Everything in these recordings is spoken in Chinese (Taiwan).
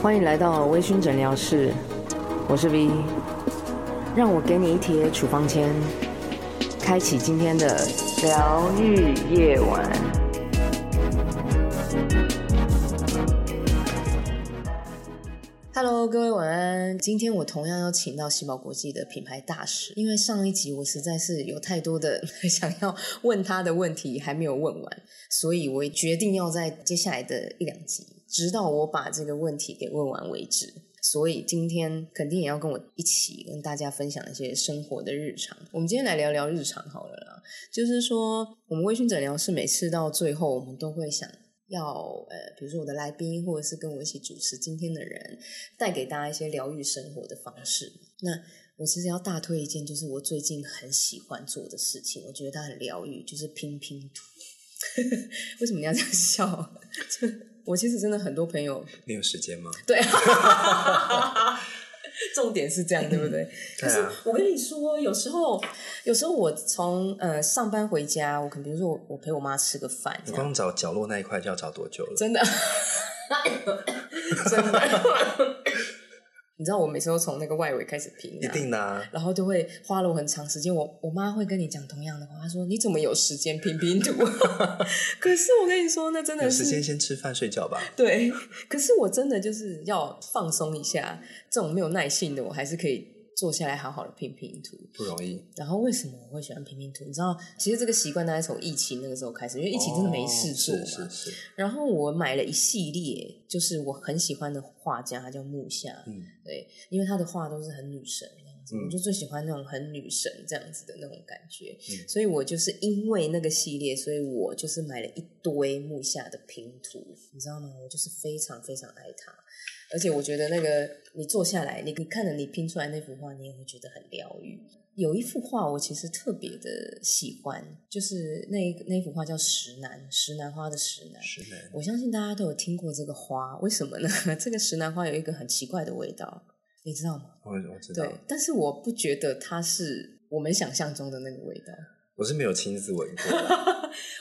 歡迎來到微醺診療室，我是 V，讓我給你一貼處方籤，開啟今天的療癒夜晚。Hello，各位晚安。今天我同樣要請到喜寶國際的品牌大使，因為上一集我實在是有太多的想要問他的問題還沒有問完，所以我也決定要在接下來的一兩集。直到我把這個問題給問完為止，所以今天肯定也要跟我一起跟大家分享一些生活的日常。我們今天來聊聊日常好了啦，就是說我們微醺診療室每次到最後，我們都會想要呃，比如說我的來賓或者是跟我一起主持今天的人，帶給大家一些療癒生活的方式。那我其實要大推一件，就是我最近很喜歡做的事情，我覺得它很療癒，就是拼拼圖。 為什麼你要這樣笑？ 我其實真的很多朋友，你有時間嗎？對 重點是這樣，嗯、對不對？對啊、就是我跟你說，有時候，有時候我從呃上班回家，我可能比如說我我陪我媽吃個飯，你光找角落那一塊就要找多久了？真的，真的。你知道我每次都從那個外圍開始拼啊，一定的啊，然後就會花了我很長時間。我我媽會跟你講同樣的話，她說：“你怎麼有時間拼拼圖？” 可是我跟你說，那真的是有時間先吃飯睡覺吧。對，可是我真的就是要放鬆一下，這種沒有耐性的，我還是可以。坐下來好好的拼拼圖，不容易。然後為什麼我會喜歡拼拼圖？你知道，其實這個習慣大概從疫情那個時候開始，因為疫情真的沒事做嘛。哦、然後我買了一系列，就是我很喜歡的畫家，他叫木下。嗯、對，因為他的畫都是很女神這樣子，嗯、我就最喜歡那種很女神這樣子的那種感覺。嗯、所以我就是因為那個系列，所以我就是買了一堆木下的拼圖，你知道嗎？我就是非常非常愛他。而且我覺得那個你坐下來，你，你看着你拼出來那幅畫，你也會覺得很療癒。有一幅畫我其實特別的喜歡，就是那一那一幅畫叫石楠，石楠花的石楠。石楠南，我相信大家都有聽過這個花，為什麼呢？這個石楠花有一個很奇怪的味道，你知道嗎？我、嗯、我知道。對，但是我不覺得它是我們想象中的那個味道。我是沒有親自聞過。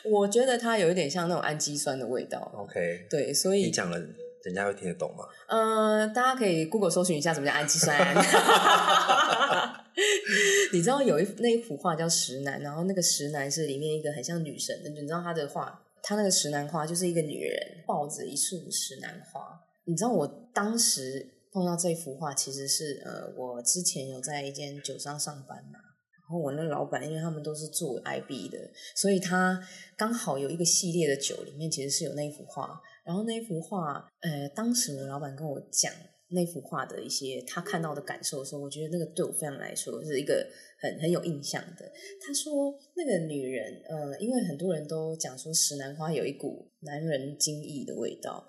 我覺得它有一點像那種氨基酸的味道。OK。對，所以你講了。人家會聽得懂嗎？嗯、呃，大家可以 Google 搜尋一下什麼叫氨基酸。 你知道有一那一幅畫叫石楠，然後那個石楠是裡面一個很像女神的，你知道他的畫，他那個石楠花就是一個女人抱着一束石楠花。你知道我當時碰到這幅畫，其實是呃，我之前有在一間酒商上班嘛。然後我那個老闆，因為他們都是做 IB 的，所以他剛好有一個系列的酒裡面，其實是有那一幅畫。然後那一幅畫，呃，當時我老闆跟我講那幅畫的一些他看到的感受的時候，我覺得那個對我非常來說是一個很很有印象的。他說那個女人，呃，因為很多人都講說石楠花有一股男人精液的味道。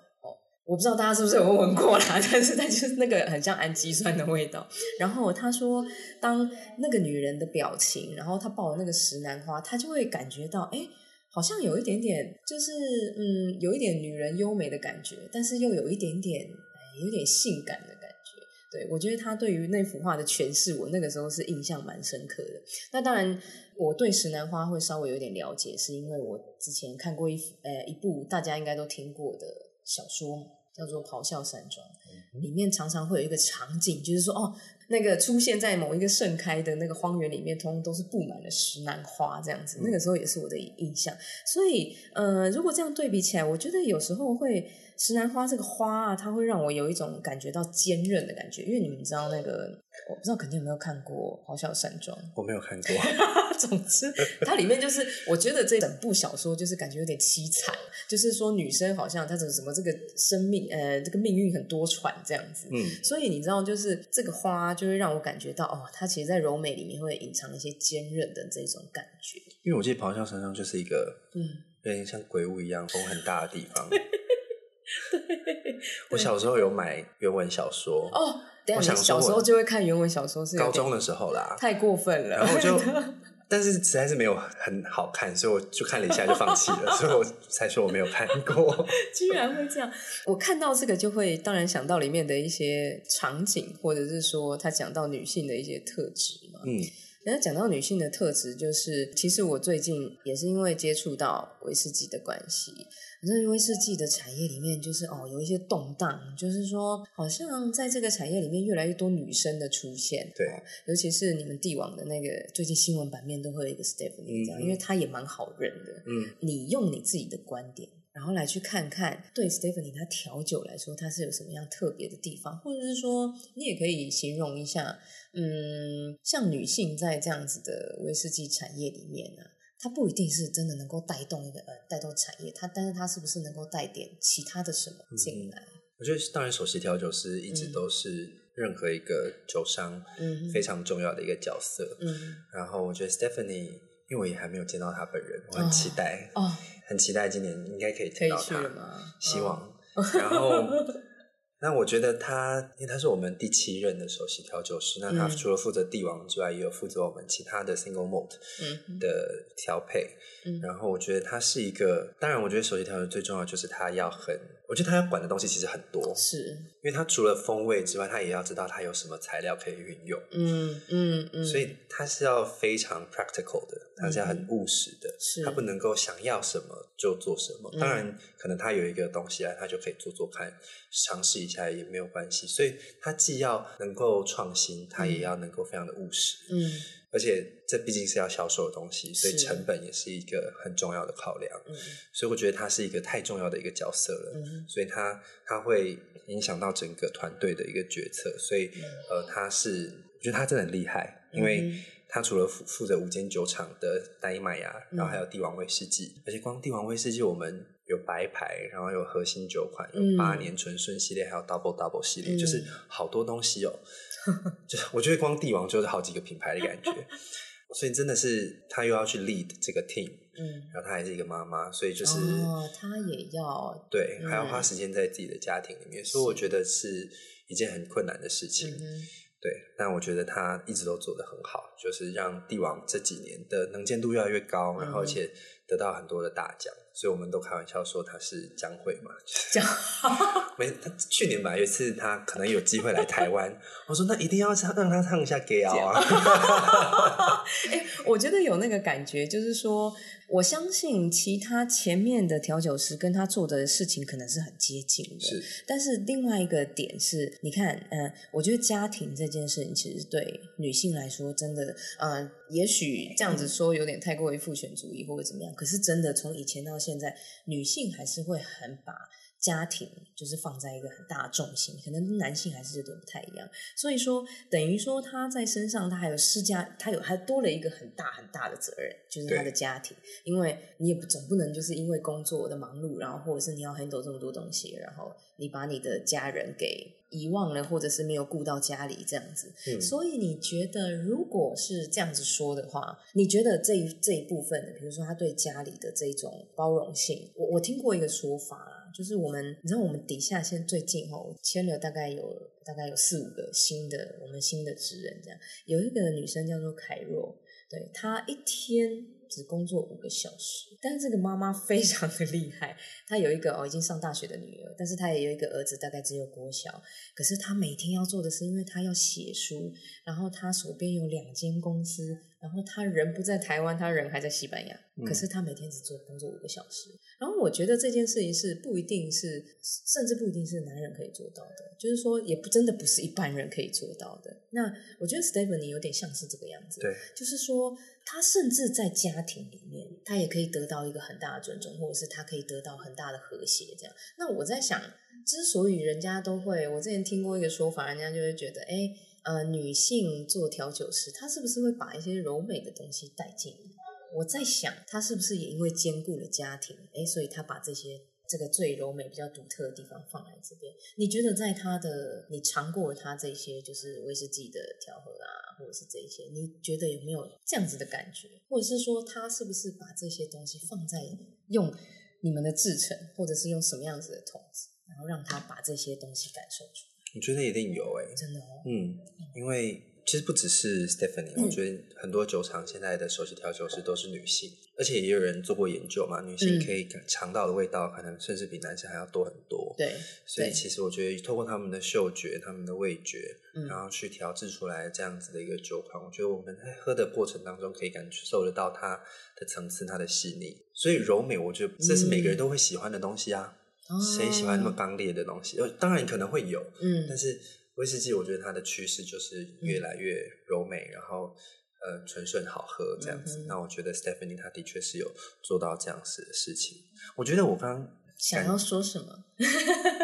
我不知道大家是不是有聞過啦，但是他就是那個很像氨基酸的味道。然後他說，當那個女人的表情，然後他抱了那個石楠花，他就會感覺到，哎、欸，好像有一點點，就是嗯，有一點女人優美的感覺，但是又有一點點，欸、有點性感的感覺。對，我覺得他對於那幅畫的詮釋，我那個時候是印象蠻深刻的。那當然，我對石楠花會稍微有點了解，是因為我之前看過一呃一部大家應該都聽過的小說。叫做咆哮山莊，裡面常常會有一個場景，就是說，哦，那個出現在某一個盛開的那個荒原裡面，通通都是布滿了石楠花這樣子。那個時候也是我的印象，所以，呃，如果這樣對比起來，我覺得有時候會。石楠花這個花啊，它會讓我有一種感覺到堅韌的感覺，因為你們知道那個，我不知道，肯定有沒有看過《咆哮山莊》。我沒有看過。 總之， 它裡面就是，我覺得這整部小說就是感覺有點淒慘，就是說女生好像她怎麼什麼這個生命，呃，這個命運很多舛這樣子。嗯。所以你知道，就是這個花，就會讓我感覺到哦，它其實，在柔美裡面會隱藏一些堅韌的這種感覺。因為我記得《咆哮山莊》就是一個，嗯，有點像鬼屋一樣，風很大的地方。我小時候有買原文小說哦，我小時候就會看原文小說，是高中的時候啦，太過分了。然後就，的但是實在是沒有很好看，所以我就看了一下就放棄了， 所以我才說我沒有看過。居然會這樣，我看到這個就會當然想到裡面的一些場景，或者是說他講到女性的一些特質嘛，嗯。然後講到女性的特質，就是其實我最近也是因為接觸到威士忌的關係，反正威士忌的產業裡面就是哦有一些動盪，就是說好像、啊、在這個產業裡面越來越多女生的出現，哦、對，尤其是你們帝王的那個最近新聞版面都會有一個 Stephanie，、嗯嗯、因為她也蠻好認的。嗯，你用你自己的觀點，然後來去看看對 Stephanie 她調酒來說，她是有什麼樣特別的地方，或者是說你也可以形容一下。嗯，像女性在這樣子的威士忌產業裡面呢，她不一定是真的能夠帶動一個呃帶動產業，她，但是她是不是能夠帶點其他的什麼進來？嗯，我覺得當然首席調酒師一直都是任何一個酒商非常重要的一個角色。嗯，嗯嗯，然後我覺得 Stephanie，因為我也還沒有見到她本人，哦，我很期待哦，很期待今年應該可以聽到她，希望，哦，然後。 那我覺得他，因為他是我們第七任的首席調酒師，那他除了負責帝王之外，嗯、也有負責我們其他的 single malt 的調配。嗯嗯然後我覺得他是一個，當然我覺得首席調酒師最重要的就是他要很。我覺得他要管的東西其實很多，是，因為他除了風味之外，他也要知道他有什麼材料可以運用，嗯嗯嗯，嗯嗯所以他是要非常 practical 的，嗯、他是要很務實的，是他不能夠想要什麼就做什麼，當然可能他有一個東西啊，他就可以做做看，嗯、嘗試一下也沒有關係，所以他既要能夠創新，他也要能夠非常的務實，嗯。嗯而且這畢竟是要銷售的東西，所以成本也是一個很重要的考量。是所以我覺得它是一個太重要的一個角色了。嗯、哼所以它它會影響到整個團隊的一個決策。所以，呃，他是我覺得他真的很厲害，因為他除了負負責五間酒廠的單一麥芽，嗯、哼然後還有帝王威士忌，而且光帝王威士忌我們有白牌，然後有核心酒款，有八年純順系列，還有 Double Double 系列，嗯、哼就是好多東西哦。嗯 就我覺得光帝王就是好幾個品牌的感覺， 所以真的是他又要去 lead 這個 team，嗯，然後他還是一個媽媽，所以就是、哦、他也要對，還要花時間在自己的家庭裡面，對所以我覺得是一件很困難的事情，是對。但我覺得他一直都做得很好，就是讓帝王這幾年的能見度越來越高，嗯、然後而且得到很多的大獎。所以我們都開玩笑說他是江蕙嘛講， 沒，他去年吧？有一次他可能有機會來台灣， 我說那一定要唱，讓他唱一下《給啊》。哎，我覺得有那個感覺，就是說，我相信其他前面的調酒師跟他做的事情可能是很接近的。是，但是另外一個點是，你看，嗯、呃，我覺得家庭這件事情其實對女性來說真的，嗯、呃，也許這樣子說有點太過於父權主義或者怎麼樣。嗯、可是真的從以前到現在女性還是會很把家庭就是放在一個很大的重心，可能男性還是有點不太一樣。所以說，等於說他在身上，他還有施加，他有還多了一個很大很大的責任，就是他的家庭。對因為你也不總不能就是因為工作的忙碌，然後或者是你要 handle 這麼多東西，然後你把你的家人給。遺忘了，或者是沒有顧到家裡這樣子，嗯、所以你覺得如果是這樣子說的話，你覺得這一這一部分的，比如說他對家裡的這種包容性，我我聽過一個說法，就是我們，你知道我們底下先在最近哈、喔，簽了大概有大概有四五個新的，我們新的職人這樣，有一個女生叫做凱若，對，她一天。只工作五個小時，但這個媽媽非常的厲害。她有一個哦已經上大學的女兒，但是她也有一個兒子，大概只有國小。可是她每天要做的是，因為她要寫書，然後她手邊有兩間公司，然後她人不在台灣，她人還在西班牙。可是她每天只做工作五個小時。嗯，然後我覺得這件事情是不一定是，甚至不一定是男人可以做到的，就是說也不真的不是一般人可以做到的。那我覺得 Stephanie 有點像是這個樣子，對，就是說。他甚至在家庭裡面，他也可以得到一個很大的尊重，或者是他可以得到很大的和諧。這樣，那我在想，之所以人家都會，我之前聽過一個說法，人家就會覺得，哎、欸，呃，女性做調酒師，她是不是會把一些柔美的東西帶進來？我在想，她是不是也因為兼顧了家庭，哎、欸，所以她把這些。這個最柔美、比較獨特的地方放在這邊，你覺得在它的你嘗過它這些就是威士忌的調和啊，或者是這些，你覺得有沒有這樣子的感覺？或者是說它是不是把這些東西放在你用你們的製程，或者是用什麼樣子的桶子，然後讓它把這些東西感受出來？我覺得一定有哎、欸，真的哦，嗯，因為。其實不只是 Stephanie，嗯、我覺得很多酒廠現在的首席調酒師都是女性，而且也有人做過研究嘛，女性可以嘗到的味道可能甚至比男性還要多很多。對，所以其實我覺得透過他們的嗅覺、他對們的味覺，然後去調製出來這樣子的一個酒款，嗯、我覺得我們在喝的過程當中可以感受得到它的層次、它的細膩。所以柔美，我覺得這是每個人都會喜歡的東西啊。嗯、誰喜歡那麼剛烈的東西？哦、當然可能會有，嗯，但是。威士忌，我覺得它的趨勢就是越來越柔美，嗯、然後呃醇順好喝，這樣子。那、嗯、哼我覺得 Stephanie 她的確是有做到這樣子的事情。我覺得我剛，剛、嗯、想要說什麼？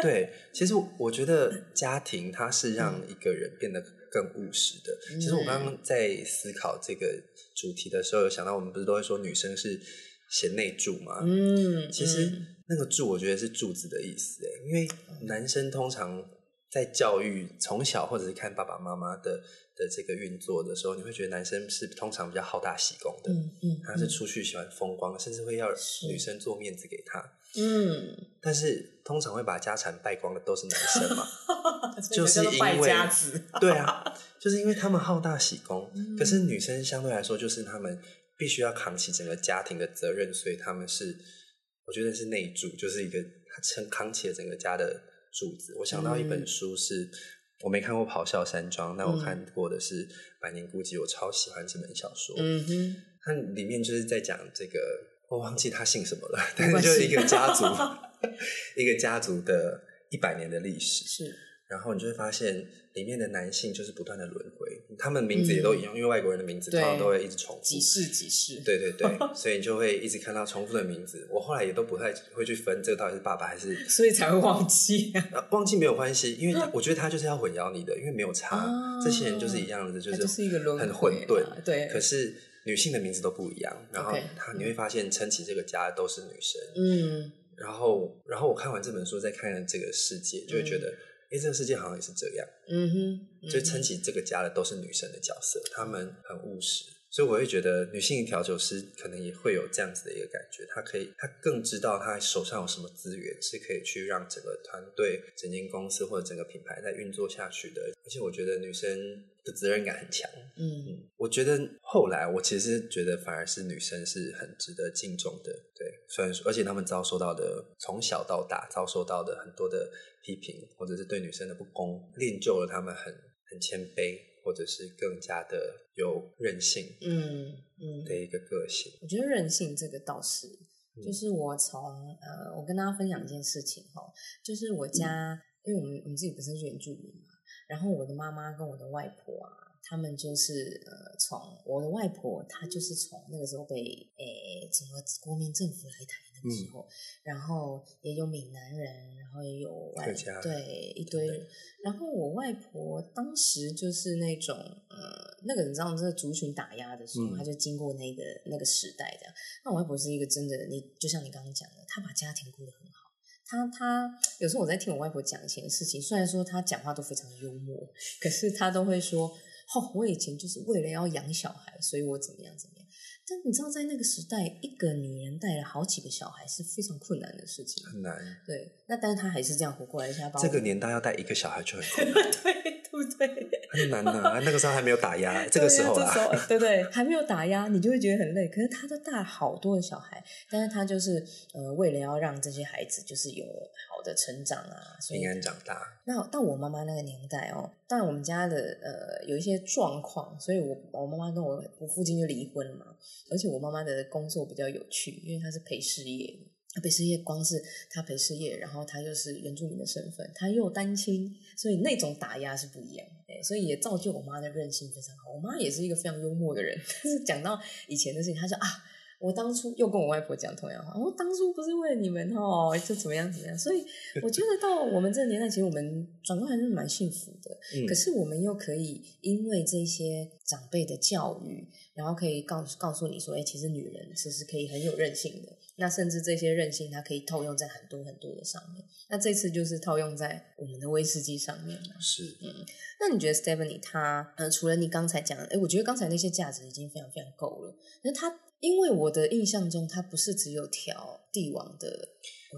對，其實我覺得家庭它是讓一個人變得更務實的。嗯、其實我剛剛在思考這個主題的時候，有想到我們不是都會說女生是賢內助嗎嗯？嗯，其實那個助我覺得是柱子的意思、欸，哎，因為男生通常。在教育，從小或者是看爸爸媽媽的的這個運作的時候，你會覺得男生是通常比較好大喜功的，嗯，嗯，他是出去喜歡風光，是甚至會要女生做面子給他，嗯。但是通常會把家產敗光的都是男生嘛， 就是因為對啊， 就是因為他們好大喜功。嗯。可是女生相對來說，就是他們必須要扛起整個家庭的責任，所以他們是我覺得是內助，就是一個撐扛起了整個家的。柱子，我想到一本書是，嗯、我沒看過《咆哮山莊》，但我看過的是《百年孤寂》，我超喜歡這本小說。嗯哼，它裡面就是在講這個，我忘記他姓什麼了，但是就是一個家族，沒關係 一個家族的一百年的歷史是。然後你就會發現，裡面的男性就是不斷的輪迴，他們名字也都一樣，因為外國人的名字通常，常都會一直重複，嗯、幾世幾世。對對對， 所以你就會一直看到重複的名字。我後來也都不太會去分，這個到底是爸爸還是……所以才會忘記，啊啊，忘記沒有關係，因為我覺得他就是要混淆你的，因為沒有差。啊、這些人就是一樣的，就是很混沌。對，可是女性的名字都不一樣，然後他你會發現撐起這個家都是女生。嗯，然後然後我看完這本書，再看，看這個世界，就會覺得。嗯因為、欸、這個世界好像也是這樣，嗯哼，嗯哼，所以撐起這個家的都是女生的角色，她、嗯、哼們很務實。所以我會覺得，女性調酒師可能也會有這樣子的一個感覺，她可以，她更知道她手上有什麼資源是可以去讓整個團隊、整間公司或者整個品牌在運作下去的。而且我覺得女生的責任感很強。嗯，嗯，我覺得後來我其實覺得反而是女生是很值得敬重的。對，雖然說而且他們遭受到的從小到大遭受到的很多的批評，或者是對女生的不公，練就了他們很很謙卑。或者是更加的有韌性，嗯嗯的一個個性、嗯。嗯、我覺得韌性這個倒是，嗯、就是我從呃，我跟大家分享一件事情哦，就是我家，嗯、因為我們我們自己本身是原住民嘛，然後我的媽媽跟我的外婆啊。他們就是呃，從我的外婆，她就是從那個時候被誒，整個、欸、國民政府來台那個時候，嗯、然後也有閩南人，然後也有外，對一堆。對對對，然後我外婆當時就是那種呃，那個你知道這個族群打壓的時候，嗯、她就經過那個那個時代這樣。那我外婆是一個真的，你就像你剛剛講的，她把家庭顧得很好。她她有時候我在聽我外婆講一些事情，雖然說她講話都非常幽默，可是她都會說。哦，我以前就是為了要養小孩，所以我怎麼樣怎麼樣。但你知道，在那個時代，一個女人帶了好幾個小孩是非常困難的事情。很難。對，那但是她還是這樣活過來，一下。這個年代要帶一個小孩就很難， 對，對不對？很難吶，那個時候還沒有打壓， 這個時候啦，對對，還沒有打壓，你就會覺得很累。可是他都帶好多的小孩，但是他就是呃，為了要讓這些孩子就是有好的成長啊，平安長大。那到我媽媽那個年代哦，但我們家的呃有一些狀況，所以我我媽媽跟我我父親就離婚了嘛，而且我媽媽的工作比較有趣，因為她是陪事業。陪事業，光是她陪事業，然後她又是原住民的身份，她又單親，所以那種打壓是不一樣。對，所以也造就我媽的韌性非常好。我媽也是一個非常幽默的人，但是講到以前的事情，她說啊，我當初又跟我外婆講同樣話，我、哦、當初不是為了你們哦，就怎麼樣怎麼樣。所以我覺得到我們這個年代，其實我們轉過來還是蠻幸福的。嗯、可是我們又可以因為這些長輩的教育，然後可以告告訴你說，哎，其實女人其實是可以很有韌性的。那甚至這些韌性，它可以套用在很多很多的上面。那這次就是套用在我們的威士忌上面了。是，嗯。那你覺得 Stephanie 她，呃，除了你剛才講的，誒、欸、我覺得剛才那些價值已經非常非常夠了，那她。因為我的印象中，它不是只有調帝王的，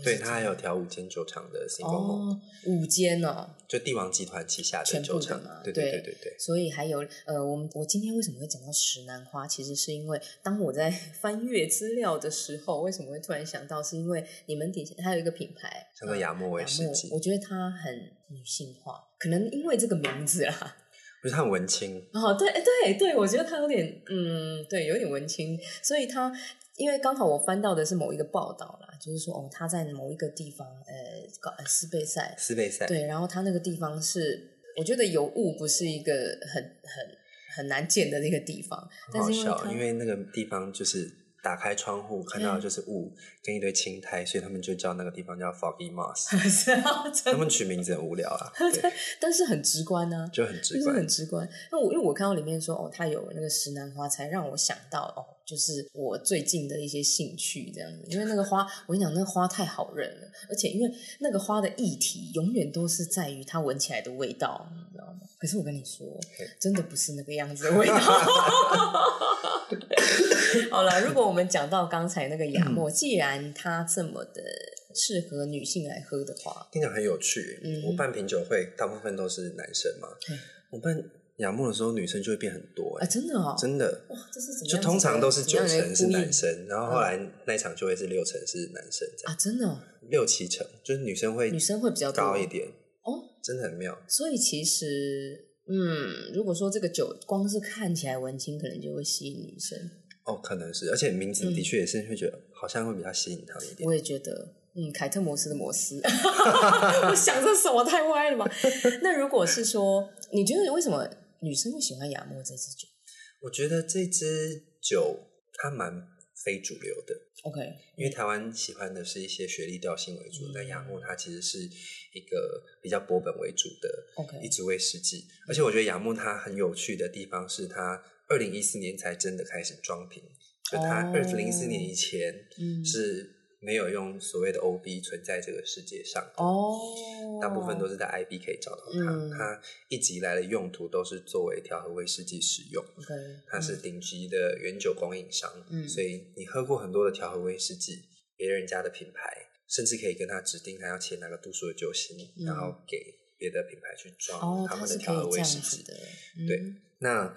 對，它還有調五間酒廠的星五間哦，哦就帝王集團旗下的酒廠啊，對,對對對對對。所以還有呃，我們我今天為什麼會講到石楠花？其實是因為當我在翻閱資料的時候，為什麼會突然想到？是因為你們底下還有一個品牌叫做雅木威士忌，我覺得它很女性化，可能因為這個名字啦、啊。不是他，很文青哦？對對對，我覺得他有點嗯，對，有點文青，所以他因為剛好我翻到的是某一個報道啦，就是說哦，他在某一個地方呃搞呃斯貝賽，斯貝賽，對，然後他那個地方是我覺得有霧，不是一個很很很難見的那個地方，但是因為因為那個地方就是。打開窗戶看到的就是霧跟一堆青苔，所以他們就叫那個地方叫 Foggie Moss。 他們取名字很無聊啊，對， 但是很直觀呢，啊，就很直觀。那我因為我看到裡面說哦，他有那個石楠花，才讓我想到哦，就是我最近的一些興趣這樣子。因為那個花，我跟你講，那個花太好認了，而且因為那個花的議題永遠都是在於它聞起來的味道，你知道嗎？可是我跟你說，真的不是那個樣子的味道。 好了，如果我們講到剛才那個雅莫，嗯、既然它這麼的適合女性來喝的話，聽講很有趣。嗯，我辦品酒會大部分都是男生嘛，對、嗯哼。我辦，雅莫的時候，女生就會變很多、欸，哎、欸，真的哦，真的哇，這是怎麼樣？就通常都是九成是男生，然後後來那一場就會是六成是男生這樣啊，真的六七成就是女生會女生會比較高一點哦，哦真的很妙。所以其實，嗯，如果說這個酒光是看起來文青，可能就會吸引女生。哦，可能是，而且名字的確也是會覺得好像會比較吸引他一點。嗯、我也覺得，嗯，凱特摩斯的摩斯， 我想這什麼 太歪了嘛。那如果是說，你覺得你為什麼女生會喜歡雅莫這支酒？我覺得這支酒它蠻非主流的，OK，因為台灣喜歡的是一些雪莉調性為主，那、嗯、雅墨它其實是一個比較波本為主的，OK，一直為實際，嗯、而且我覺得雅墨它很有趣的地方是，它二零一四年才真的開始裝瓶，就它二零零四年以前是、哦，是沒有用所謂的 O B 存在這個世界上，哦，大部分都是在 I B 可以找到它。它、嗯、一直以來的用途都是作為調和威士忌使用、嗯、他它是頂級的原酒供應商，嗯、所以你喝過很多的調和威士忌，嗯、別人家的品牌，甚至可以跟他指定他要切哪個度數的酒心，嗯、然後給別的品牌去裝他們的調和威士忌，哦嗯、對。嗯、那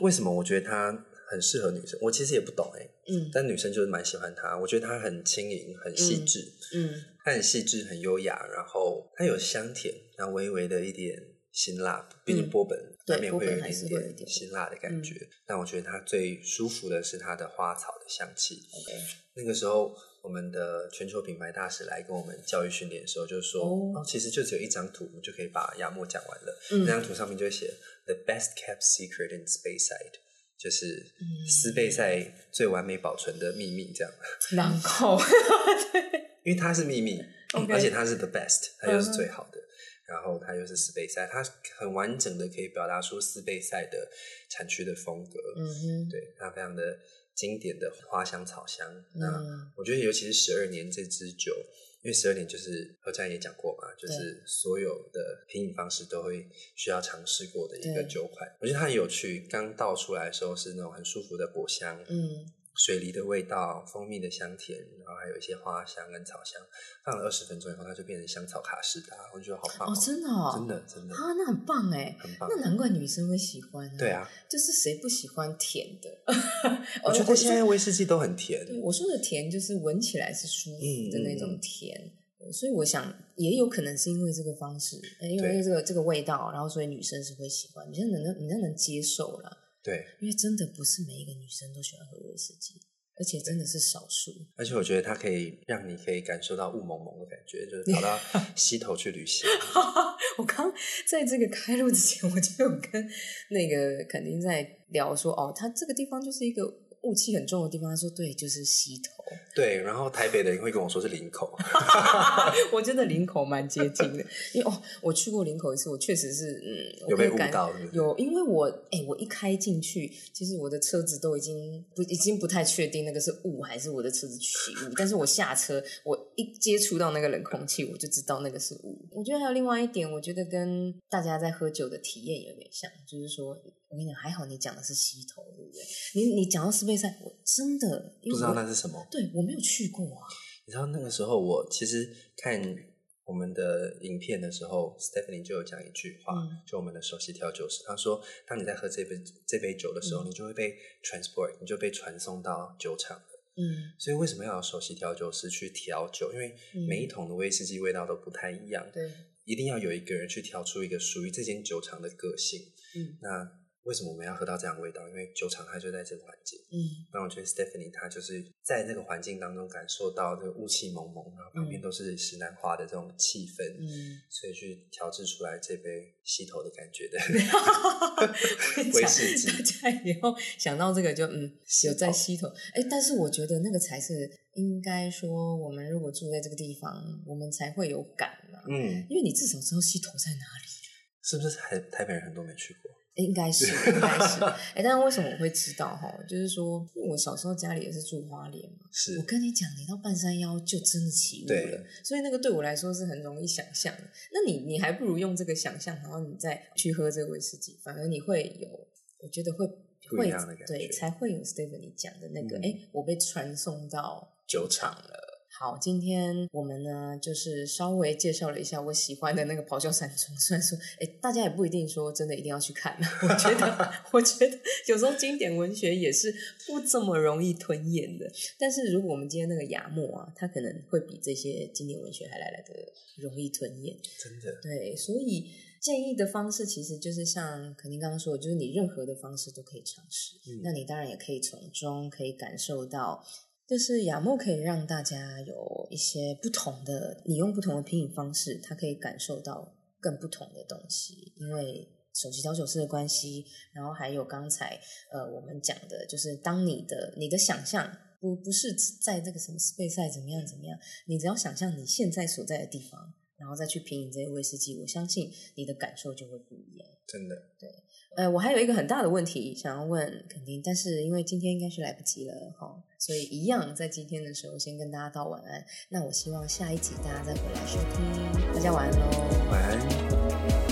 為什麼我覺得它很適合女生？我其實也不懂哎、欸。嗯，但女生就是蠻喜歡它。我覺得它很輕盈，很細緻，嗯，它很細緻，很優雅。然後它有香甜，然後微微的一點辛辣，畢竟波本難免會有一點點辛辣的感覺。但我覺得它最舒服的是它的花草的香氣。OK，那個時候，我們的全球品牌大使來跟我們教育訓練的時候，就說：“哦，其實就只有一張圖，我們就可以把雅默講完了。那張圖上面就寫 ‘The best kept secret in Speyside’。”就是斯貝塞最完美保存的秘密，這樣。然後，因為它是秘密， Okay. 而且它是 the best，它又是最好的，Okay. 然後它又是斯貝塞，它很完整的可以表達出斯貝塞的產區的風格。Mm hmm. 對，它非常的經典的花香草香。Mm hmm. 那我覺得尤其是十二年這支酒。因為十二年就是我剛才也講過嘛，就是所有的品飲方式都會需要嘗試過的一個酒款，我覺得它很有趣。剛倒出來的時候是那種很舒服的果香，嗯。水梨的味道，蜂蜜的香甜，然後還有一些花香跟草香，放了二十分鐘以後，它就變成香草卡士達，我覺得好棒哦！哦，真的哦，真的，真的，真的啊，那很棒哎，很棒，那難怪女生會喜歡呢。對啊，就是誰不喜歡甜的？ 我覺得現在威士忌都很甜。 我說的甜，就是聞起來是舒服的那種甜，嗯、所以我想也有可能是因為這個方式，因為，因為這個對這個味道，然後所以女生是會喜歡，你現在能，你能接受了。對，因為真的不是每一個女生都喜歡喝威士忌，而且真的是少數。而且我覺得它可以讓你可以感受到霧濛濛的感覺，就是跑到溪頭去旅行。 對 我剛在這個開錄之前，我就有跟那個墾玎在聊說，哦，他這個地方就是一個霧氣很重的地方。他說，對，就是溪頭。對，然後台北的人會跟我說是林口， 我真的林口蠻接近的， 因為哦，我去過林口一次，我確實是嗯，感有被誤導是不是？有，因為我哎、欸，我一開進去，其實我的車子都已經不，已經不太確定那個是霧還是我的車子起霧， 但是我下車，我一接觸到那個冷空氣，我就知道那個是霧。我覺得還有另外一點，我覺得跟大家在喝酒的體驗有點像，就是說。你還好你講的是西頭，對不對？你你講到斯貝塞，我真的我不知道那是什麼。對，我沒有去過啊。你知道那個時候，我其實看我們的影片的時候，Stephanie 就有講一句話，嗯、就我們的首席調酒師，他說：“當你在喝這杯這杯酒的時候，嗯、你就會被 transport，你就被傳送到酒廠。”嗯。所以為什麼要有首席調酒師去調酒？因為每一桶的威士忌味道都不太一樣。對、嗯。一定要有一個人去調出一個屬於這間酒廠的個性。嗯。那。為什麼我們要喝到這樣的味道？因為酒廠它就在這個環境，嗯，那我覺得 Stephanie 她就是在那個環境當中感受到這個霧氣蒙蒙，嗯、然後旁邊都是石楠花的這種氣氛，嗯，所以去調製出來這杯溪頭的感覺的威士忌，然後想到這個就嗯有在溪頭，哎頭，但是我覺得那個才是應該說我們如果住在這個地方，我們才會有感嘛，嗯，因為你至少知道溪頭在哪裡，是不是台台北人很多沒去過？應該是，應該是。哎、 欸，但是為什麼我會知道？哈，就是說，因為我小時候家裡也是住花蓮嘛。是。我跟你講，你到半山腰就真的起霧了，對所以那個對我來說是很容易想象的。那你你還不如用這個想象，然後你再去喝這個威士忌，反而你會有，我覺得會會，不一樣的感覺。對，才會有 Stephanie 你講的那個，哎、嗯欸，我被傳送到酒廠了。好，今天我們呢，就是稍微介紹了一下我喜歡的那個《咆哮山莊》，雖然說，誒大家也不一定說真的一定要去看。我覺得， 我覺得有時候經典文學也是不這麼容易吞嚥的。但是如果我們今天那個雅墨啊，它可能會比這些經典文學還來來的容易吞嚥。真的。對，所以建議的方式其實就是像墾玎剛剛說的，就是你任何的方式都可以嘗試。嗯。那你當然也可以從中可以感受到。就是亞莫可以讓大家有一些不同的，你用不同的品飲方式，他可以感受到更不同的東西。因為首席調酒師的關係，然後還有剛才呃我們講的，就是當你的你的想象不不是在這個什麼 space、Eye、怎麼樣怎麼樣，你只要想象你現在所在的地方，然後再去品飲這些威士忌，我相信你的感受就會不一樣。真的，對。呃，我還有一個很大的問題想要問，墾玎，但是因為今天應該是來不及了哈，哦，所以一樣在今天的時候先跟大家道晚安。那我希望下一集大家再回來收聽，大家晚安嘍。晚安。